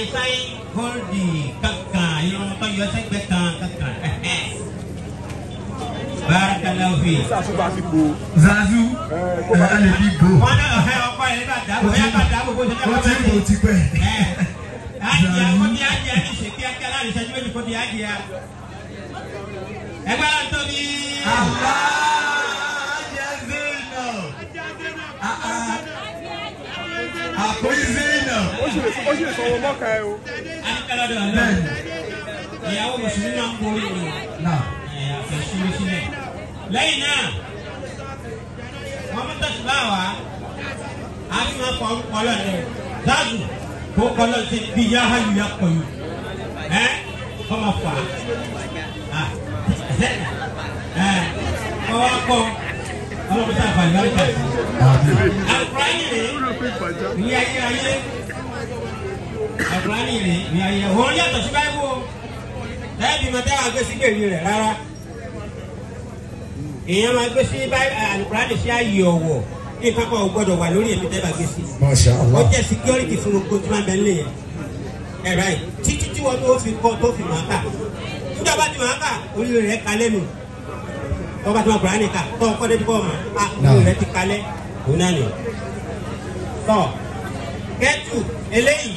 àìsàn kọ́ọ̀dì kankan irun tó yọ sẹ́gbẹ́ kan kankan. Baarakalaw fi. Zazu b'a fi bo. Zazu ẹ ale bi bo. Wọ́n náà ọ̀hẹ́ ọkọ yẹn bá dàbò bóyá bá dàbò bó ṣe jẹ́ bàbá yẹn. O ti bo ti pẹ́. Àjẹ́ kò di àjẹ́ ní ṣe kíákíá láti ṣẹ́jú méjì kò di àjẹ́. Ẹgbẹ́ la ń tóbi. Àlá. ó sì sọ wọn mọ́ka ẹ o. a ní kálá dọ̀la náà ìyàwó mùsùlùmí náà ń borí o àfẹ́ ṣúrí sílẹ̀ lẹ́yìn náà wọ́n mú tẹ̀síbá wa a ní máa kọ́ ń kọ́lọ́ ní dáàbò kó kọ́lọ́ ti bí yá ha yù yá pọ̀ yù ẹ́ kọ́ máa fà á ẹ́ kọ́ wá kọ́ ọlọ́mọdé àfàlẹ́ ọ̀rẹ́ kàtí àkùrọ̀ ayé rèé ìyá ayé ayé kùránì rè ní ayé òun yàtọ̀ sí báyìí o láìpẹ́ máa tẹ́ àwọn agbésí gbèmí rẹ̀ rárá èèyàn máa gbé sí alukurani sí ayé ọ̀wọ̀ ní nǹkan kan ò gbọ́dọ̀ wà lórí èmi tẹ́ bá gbé sí. ó jẹ́ security fún gbogbo tí wọ́n bẹ ń lè yẹn ẹ̀ ráì títí tí wọ́n tó fi kọ́ tó fi máa kà nígbà bá máa kà oríire rẹ̀ kalẹ́ nù tọ́ bá ti máa kà tọ́ kọ́ ọ̀ma a oríire rẹ̀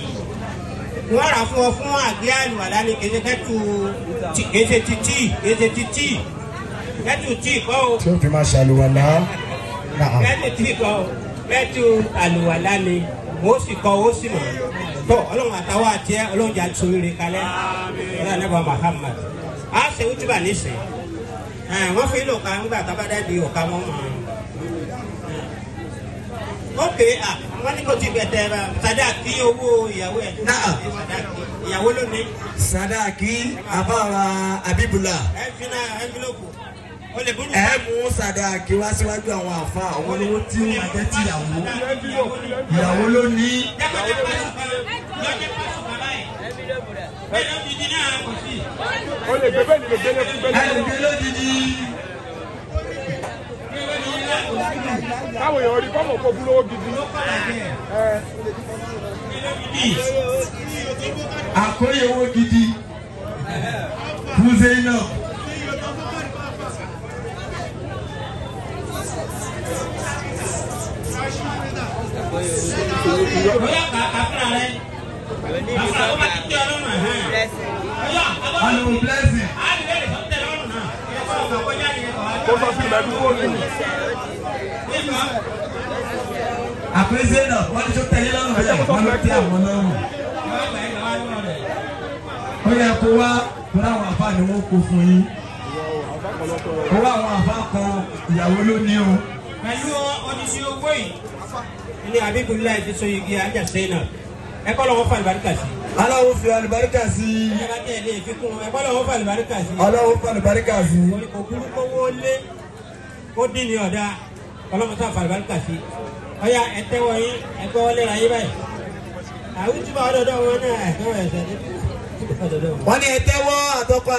wọ́n rà fún ọ fún àgbẹ̀ àlùwàlá ni kèsè kẹ́tù kèsè títì kèsè títì kẹ́tù tí kọ́ o. tí o fi máa ṣàlùwàlá. kẹ́tù tí kọ́ o kẹ́tù àlùwàlá ni wọ́n sì kọ́ ó sì mọ̀ tó ọlọ́run àtàwọn àti ẹ ọlọ́run jà tó rere kalẹ̀ ọlọ́run àlẹ́ bá Muhammad a ṣe wútúbà nísìn wọ́n fi lò ká ńgbà tábàdá di ọ̀ka wọn mọ̀ ọ́n. ókè gbẹ̀tẹ̀ bá sadaki owó ìyàwó ẹ̀ tó sadaki ìyàwó lónìí. sadaki afara abibula. ẹ fi na ẹnvilópù ẹ mú sàdáàkì wá síwájú àwọn àfa àwọn olówó tí ó máa jẹ́ tìyàwó ìyàwó ló ní. ẹ lè gbé bẹ́ẹ̀ ni lè gbé lẹ́kùn bẹ́ẹ̀ ni káwọn èèyàn rí kọ́mọ̀ kó fún lówó gidi. àkórí owó gidi fún Zainab. bóyá kàkà fúnra rẹ àfúrà ó bá ti tẹ ọlọ́run ẹ̀ hàn. ọlọ́run blessing. a lè bẹ̀rẹ̀ sọ́tẹ̀ lọ́rùn náà. ẹ sọ̀rọ̀ kọjá ni ẹ àpèsè náà wọ́n ti tó tẹ̀lé lọ́rùn rẹ̀ wọ́n ló tẹ àwọn lọ́rùn. ó yẹ kó wá não láwọn àfa ni wọ́n kó fún yín. ó wá àwọn àfa kan o. pẹ̀lú oníṣẹ́ owó yìí ni Abibulayi fi so igi ajásẹ́ náà ẹ kọ́ lọ́wọ́ fún àlùbáríkà sí i aláwo fi alibarika sí i. aláwo fi alibarika sí i. kò kúrú kó wọlé kó dín ní ọ̀dà ọlọ́mọta fi alibarika sí i. ọ̀ya ẹ̀tẹ́ wọ̀nyí ẹ̀gbẹ́ wọlé ra yí báyìí. àwùjọ ọ̀dọ̀dọ̀ wọn náà ẹ̀gbẹ́ wọn ẹ̀sẹ̀ wọ́n ní ẹ̀tẹ́ wọ́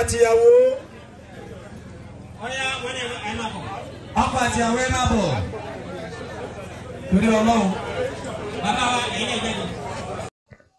àtìyàwó. ọ̀ya wọ́n ní ẹ̀ máa àtìyàwó ẹ̀